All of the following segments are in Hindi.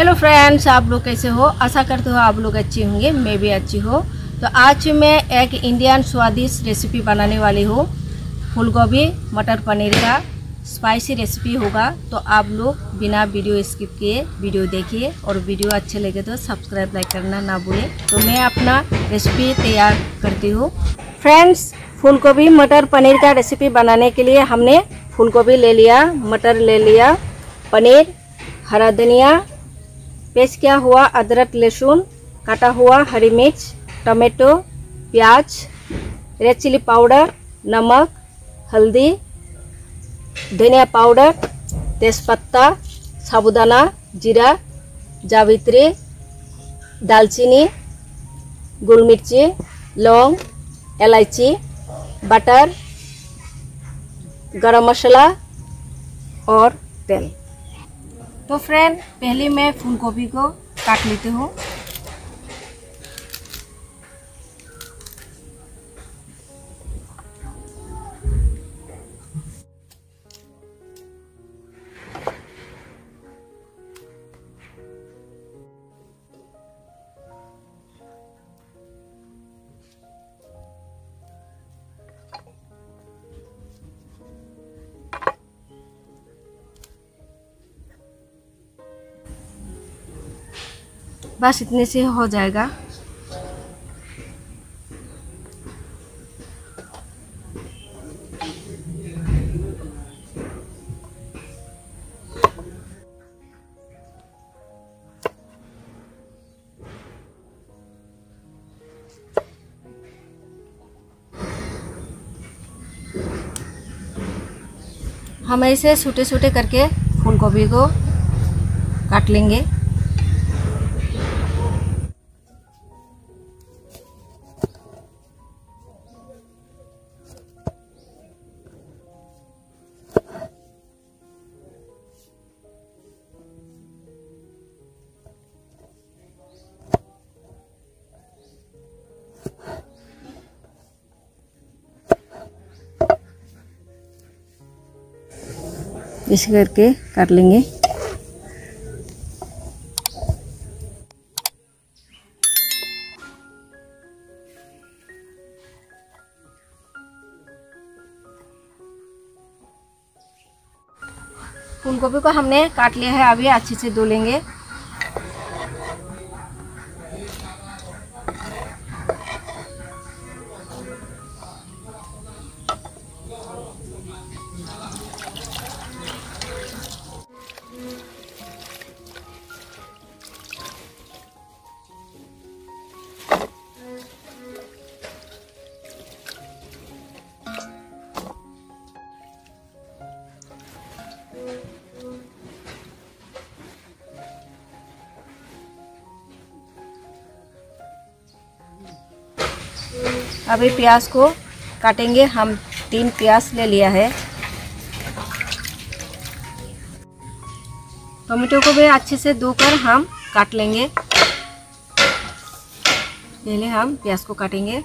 हेलो फ्रेंड्स आप लोग कैसे हो आशा करते हो आप लोग अच्छे होंगे मैं भी अच्छी हो तो आज मैं एक इंडियन स्वादिष्ट रेसिपी बनाने वाली हूँ फूल गोभी मटर पनीर का स्पाइसी रेसिपी होगा तो आप लोग बिना वीडियो स्किप किए वीडियो देखिए और वीडियो अच्छे लगे तो सब्सक्राइब लाइक करना ना भूलें तो मैं अपना रेसिपी तैयार करती हूँ फ्रेंड्स फूल मटर पनीर का रेसिपी बनाने के लिए हमने फूल ले लिया मटर ले लिया पनीर हरा धनिया पेश किया हुआ अदरक लहसुन काटा हुआ हरी मिर्च टमेटो प्याज रेड चिली पाउडर नमक हल्दी धनिया पाउडर तेज़पत्ता साबुदाना जीरा जावित्री दालचीनी गुल मिर्ची लौंग इलायची बटर गरम मसाला और तेल तो फ्रेंड पहले मैं फूल गोभी को काट लेती हूँ बस इतने से हो जाएगा हम ऐसे छोटे छोटे करके फूल गोभी को काट लेंगे इस करके काट लेंगे फूलगोभी को हमने काट लिया है अभी अच्छे से धो लेंगे अभी प्याज को काटेंगे हम तीन प्याज ले लिया है टोमेटो को भी अच्छे से धोकर हम काट लेंगे पहले हम प्याज को काटेंगे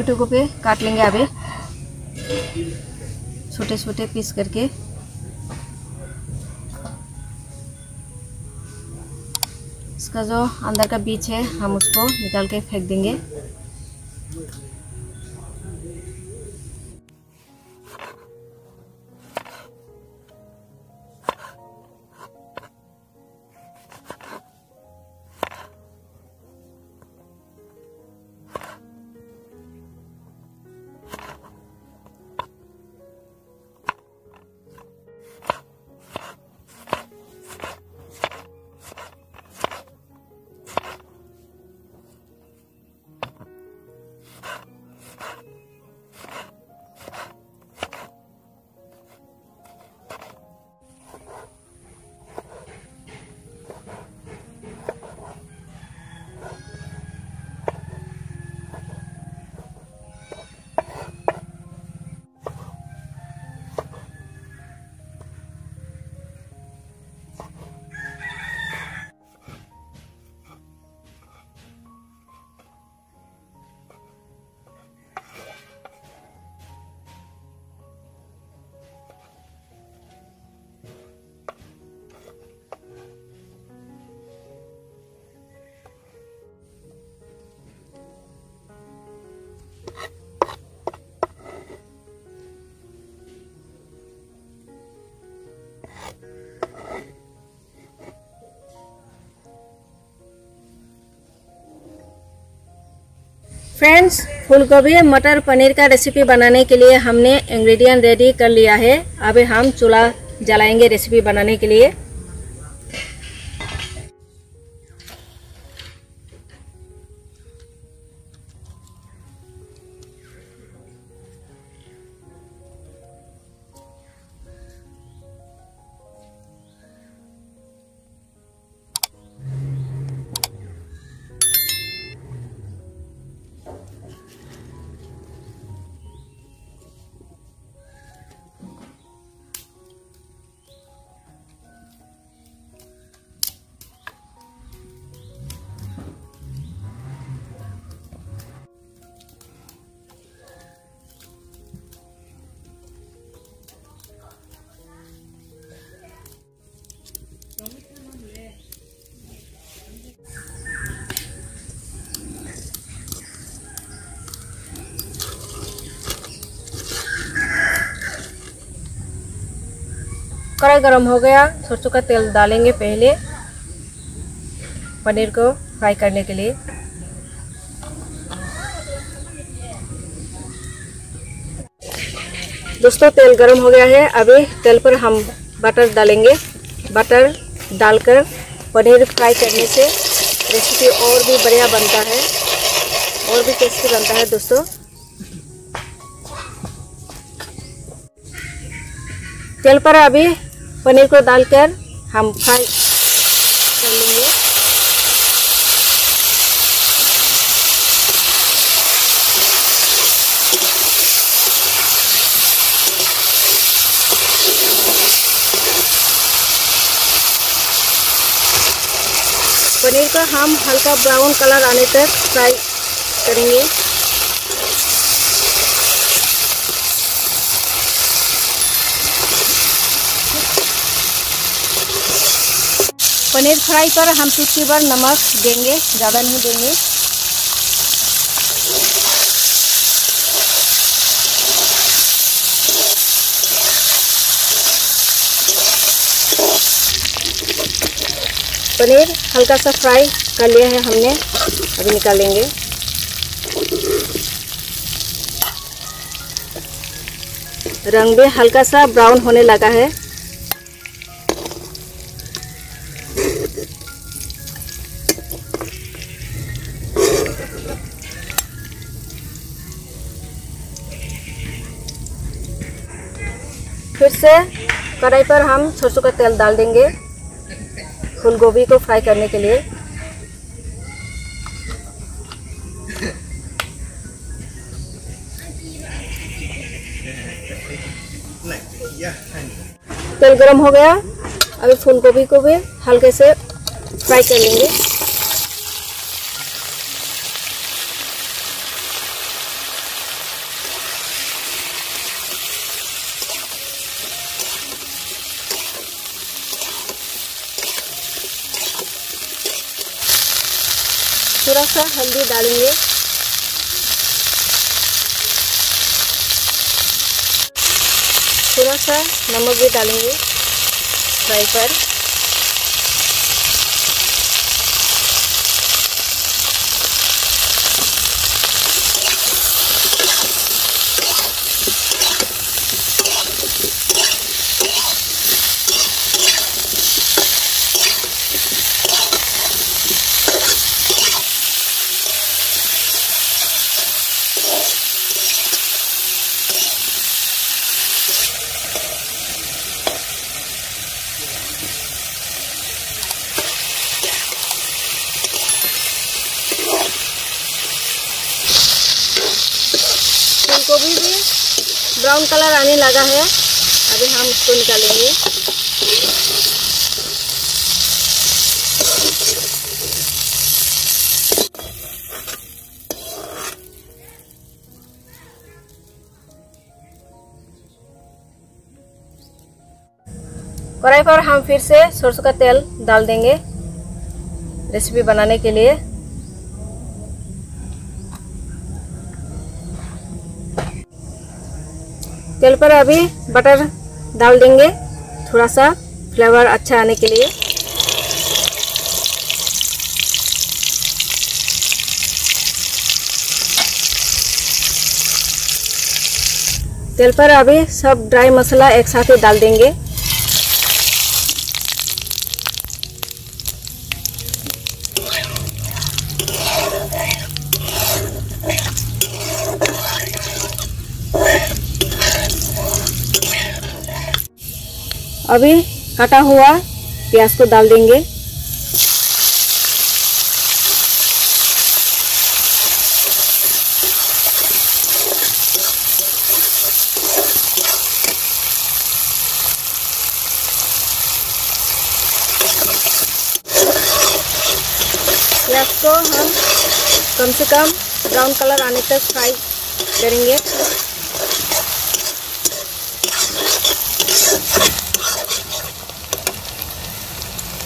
टमाटो को पे काट लेंगे अभी छोटे छोटे पीस करके इसका जो अंदर का बीज है हम उसको निकाल के फेंक देंगे फ्रेंड्स फूलगोभी मटर पनीर का रेसिपी बनाने के लिए हमने इंग्रेडिएंट रेडी कर लिया है अभी हम चूल्हा जलाएंगे रेसिपी बनाने के लिए हमारा गर्म हो गया सरसों का तेल डालेंगे पहले पनीर को फ्राई करने के लिए दोस्तों तेल गर्म हो गया है अभी तेल पर हम बटर डालेंगे बटर डालकर पनीर फ्राई करने से रेसिपी और भी बढ़िया बनता है और भी टेस्टी बनता है दोस्तों तेल पर अभी पनीर को डालकर हम फ्राई कर लेंगे पनीर को हम हल्का ब्राउन कलर आने तक फ्राई करेंगे पनीर फ्राई पर हम चुटकी भर नमक देंगे ज़्यादा नहीं देंगे पनीर हल्का सा फ्राई कर लिया है हमने अभी निकालेंगे रंग भी हल्का सा ब्राउन होने लगा है से कढ़ाई पर हम सरसों का तेल डाल देंगे फूल गोभी को फ्राई करने के लिए तेल गरम हो गया अभी फूल गोभी को भी हल्के से फ्राई कर लेंगे सा हल्दी डालेंगे थोड़ा सा नमक भी डालेंगे फ्राई पर कलर आने लगा है अभी हम इसको निकालेंगे कढ़ाई पर हम फिर से सरसों का तेल डाल देंगे रेसिपी बनाने के लिए तेल पर अभी बटर डाल देंगे थोड़ा सा फ्लेवर अच्छा आने के लिए तेल पर अभी सब ड्राई मसाला एक साथ ही डाल देंगे अभी कटा हुआ प्याज को डाल देंगे प्याज को हम कम से कम ब्राउन कलर आने तक फ्राई करेंगे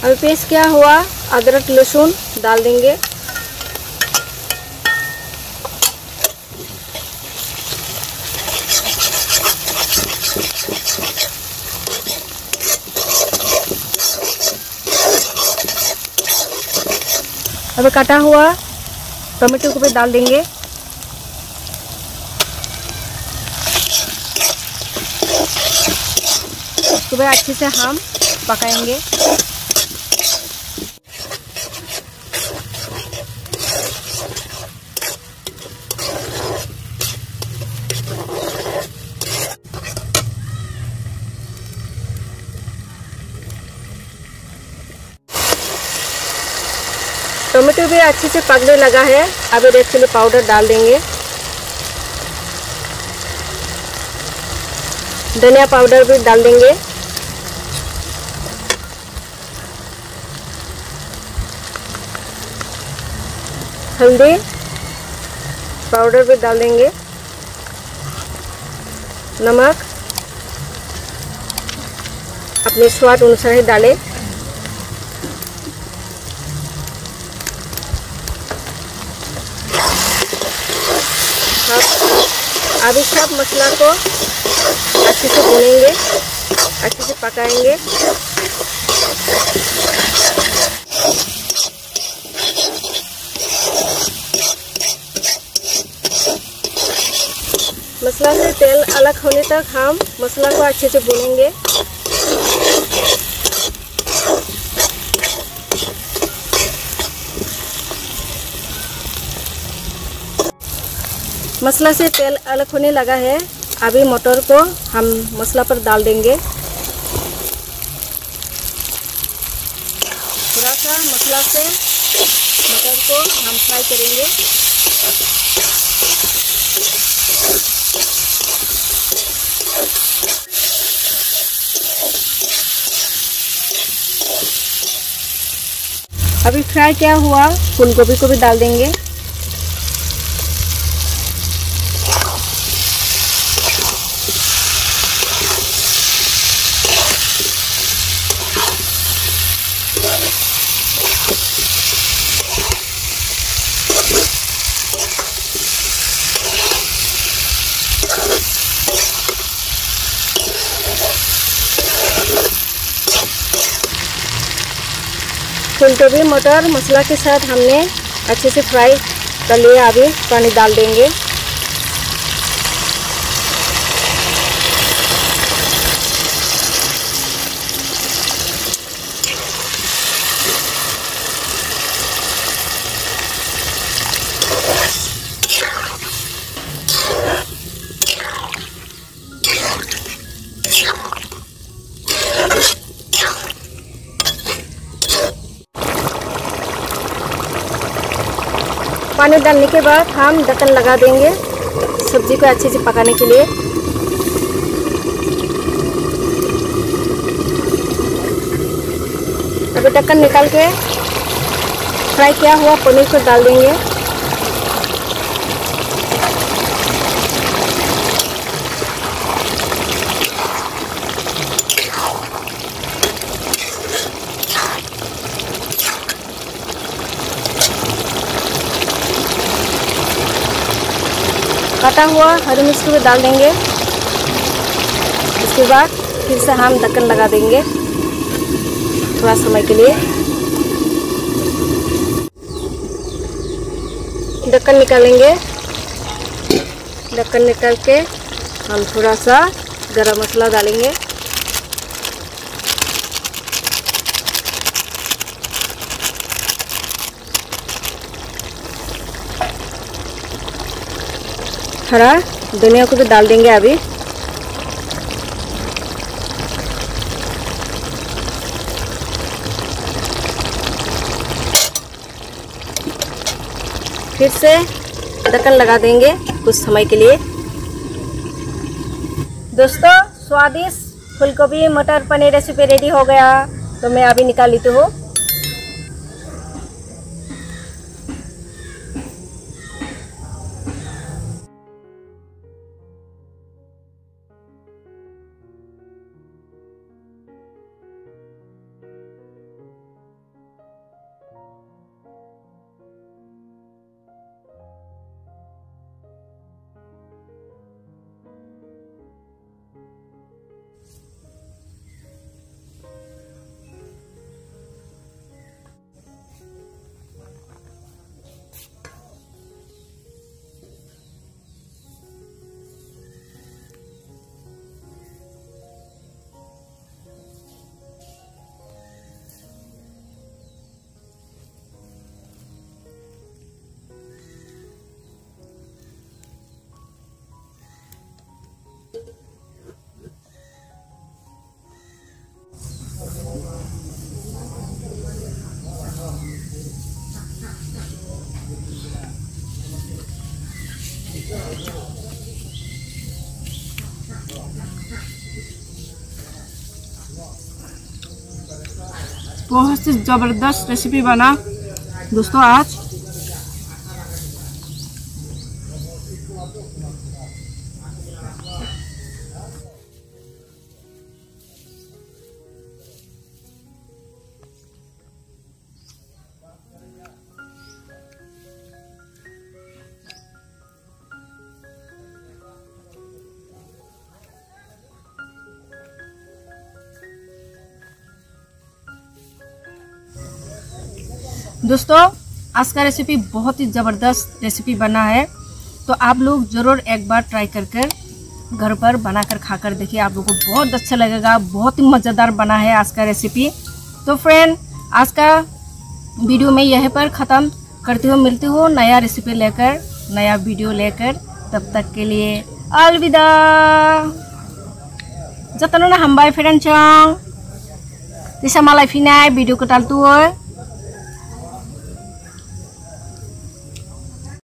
अभी पेस्ट क्या हुआ अदरक लहसुन डाल देंगे अब कटा हुआ टमाटो को भी डाल देंगे सुबह अच्छे से हम पकाएंगे टोमेटो भी अच्छे से पकने लगा है अब रेड चिली पाउडर डाल देंगे धनिया पाउडर भी डाल देंगे हल्दी पाउडर भी डाल देंगे नमक अपने स्वाद अनुसार ही डालें अभी सब मसाला को अच्छे से भूनेंगे अच्छे से पकाएंगे मसाला से तेल अलग होने तक हम मसाला को अच्छे से भूनेंगे मसला से तेल अलग होने लगा है अभी मटर को हम मसला पर डाल देंगे थोड़ा सा मसला से मटर को हम फ्राई करेंगे अभी फ्राई क्या हुआ फूल गोभी को भी डाल देंगे फूलगोभी मटर मसाला के साथ हमने अच्छे से फ्राई कर लिया अभी पानी डाल देंगे पानी डालने के बाद हम ढक्कन लगा देंगे सब्जी को अच्छे से पकाने के लिए अभी ढक्कन निकाल के फ्राई किया हुआ पनीर को डाल देंगे कटा हुआ हरी मिर्च को भी डाल देंगे उसके बाद फिर से हम ढक्कन लगा देंगे थोड़ा समय के लिए ढक्कन निकालेंगे ढक्कन निकाल के हम थोड़ा सा गरम मसाला डालेंगे हरा धनिया को भी तो डाल देंगे अभी फिर से ढक्कन लगा देंगे कुछ समय के लिए दोस्तों स्वादिष्ट फूलगोभी मटर पनीर रेसिपी रेडी हो गया तो मैं अभी निकाल लेती हूँ बहुत ही ज़बरदस्त रेसिपी बना दोस्तों आज दोस्तों आज का रेसिपी बहुत ही ज़बरदस्त रेसिपी बना है तो आप लोग ज़रूर एक बार ट्राई कर कर घर पर बना कर खा कर देखिए आप लोगों को बहुत अच्छा लगेगा बहुत ही मज़ेदार बना है आज का रेसिपी तो फ्रेंड आज का वीडियो में यहीं पर ख़त्म करती हूँ मिलती हूँ नया रेसिपी लेकर नया वीडियो लेकर तब तक के लिए अलविदा जतन ना हम फ्रेंड चौंग जैसा माला फिनाय वीडियो को टालतू है